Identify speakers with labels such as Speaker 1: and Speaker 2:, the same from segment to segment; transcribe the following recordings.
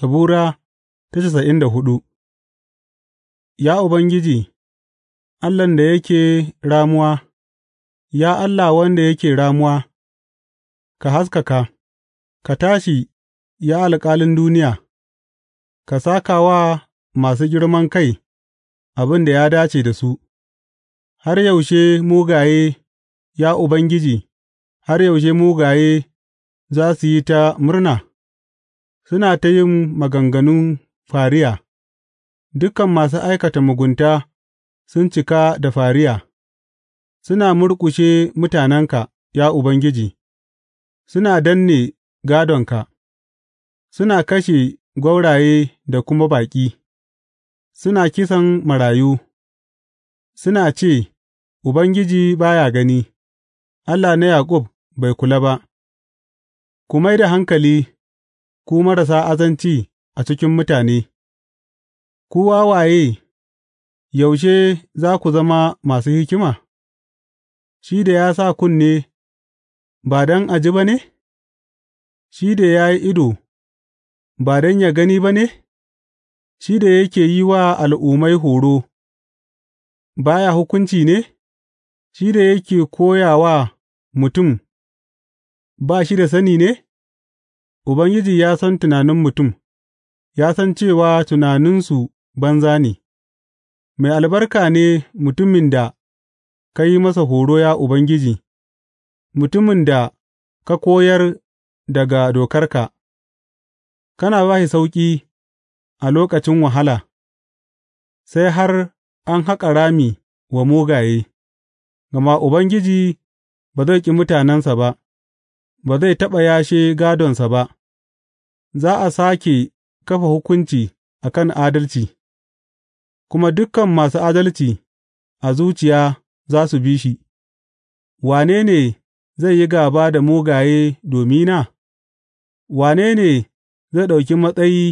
Speaker 1: Zabura ta casa'in da hudu Ya Ubangiji, Allahn da yake ramuwa, ya Allah wanda yake ramuwa, ka haskaka, ka tashi, ya alƙalin duniya, ka saka wa masu girman kai abin da ya dace da su, har yaushe mugaye, ya Ubangiji, har yaushe mugaye za su yi ta murna? Suna ta yin maganganun fariya; dukan masu aikata mugunta sun cika da fariya; suna murƙushe mutanenka, ya Ubangiji, suna danne gādonka, suna kashe gwauraye da kuma baƙi, suna kisan marayu, suna ce, Ubangiji ba ya gani, Allah na Yaƙub bai kula ba.’ Ku mai da hankali! ku marasa azanci a cikin mutane, ku wawaye, yaushe za ku zama masu hikima, shi da ya sa kunne ba don a ji ba ne, shi da ya yi ido ba don ya gani ba ne, shi da yake yi wa al'ummai horo, ba ya hukunci ne, shi da yake koya wa mutum ba shi da sani ne? Ubangiji ya san tunanin mutum, ya san cewa tunaninsu banza ne; mai albarka ne mutumin da ka yi masa horo, ya Ubangiji, mutumin da ka koyar daga dokarka; kana ba shi sauƙi a lokacin wahala, sai har an haƙa rami wa mugaye, gama Ubangiji ba zai ƙi mutanensa ba. ba zai taɓa yashe gādonsa ba; za a sāke kafa hukunci a kan adalci, kuma dukan masu adalci a zuciya za su bi shi, Wane ne zai yi gaba da mugaye domina? Wane ne zai ɗauki matsayi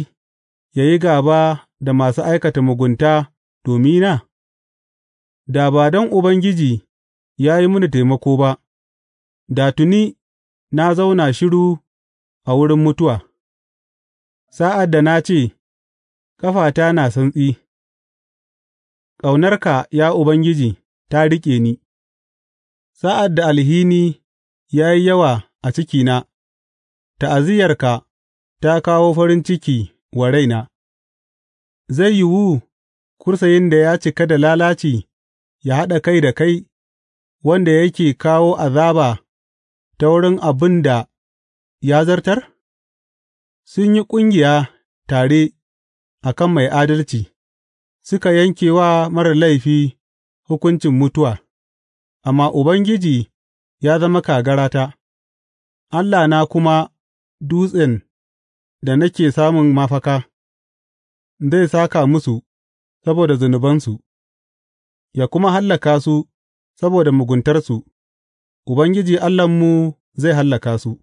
Speaker 1: ya yi gaba da masu aikata mugunta domina? Da ba don Ubangiji ya yi mini taimako ba, da tuni. na zauna shiru a wurin mutuwa, sa'ad da na ce, Ƙafata na santsi, ƙaunarka, ya Ubangiji, ta riƙe ni, sa'ad da alhini ya yi yawa a cikina, ta'aziyyarka ta kawo farin ciki wa raina, zai yiwu kursiyin da ya cika da lalaci ya haɗa kai da kai, wanda yake kawo azaba ta wurin abin da ya zartar? Sun yi ƙungiya tare a kan mai adalci, suka yanke wa marar laifi hukuncin mutuwa, amma Ubangiji ya zama kagarata, Allahna kuma dutsen da nake samun mafaka, zai saka musu saboda zunubansu, ya kuma hallaka su saboda muguntarsu. Ubangiji Allahnmu zai hallaka su.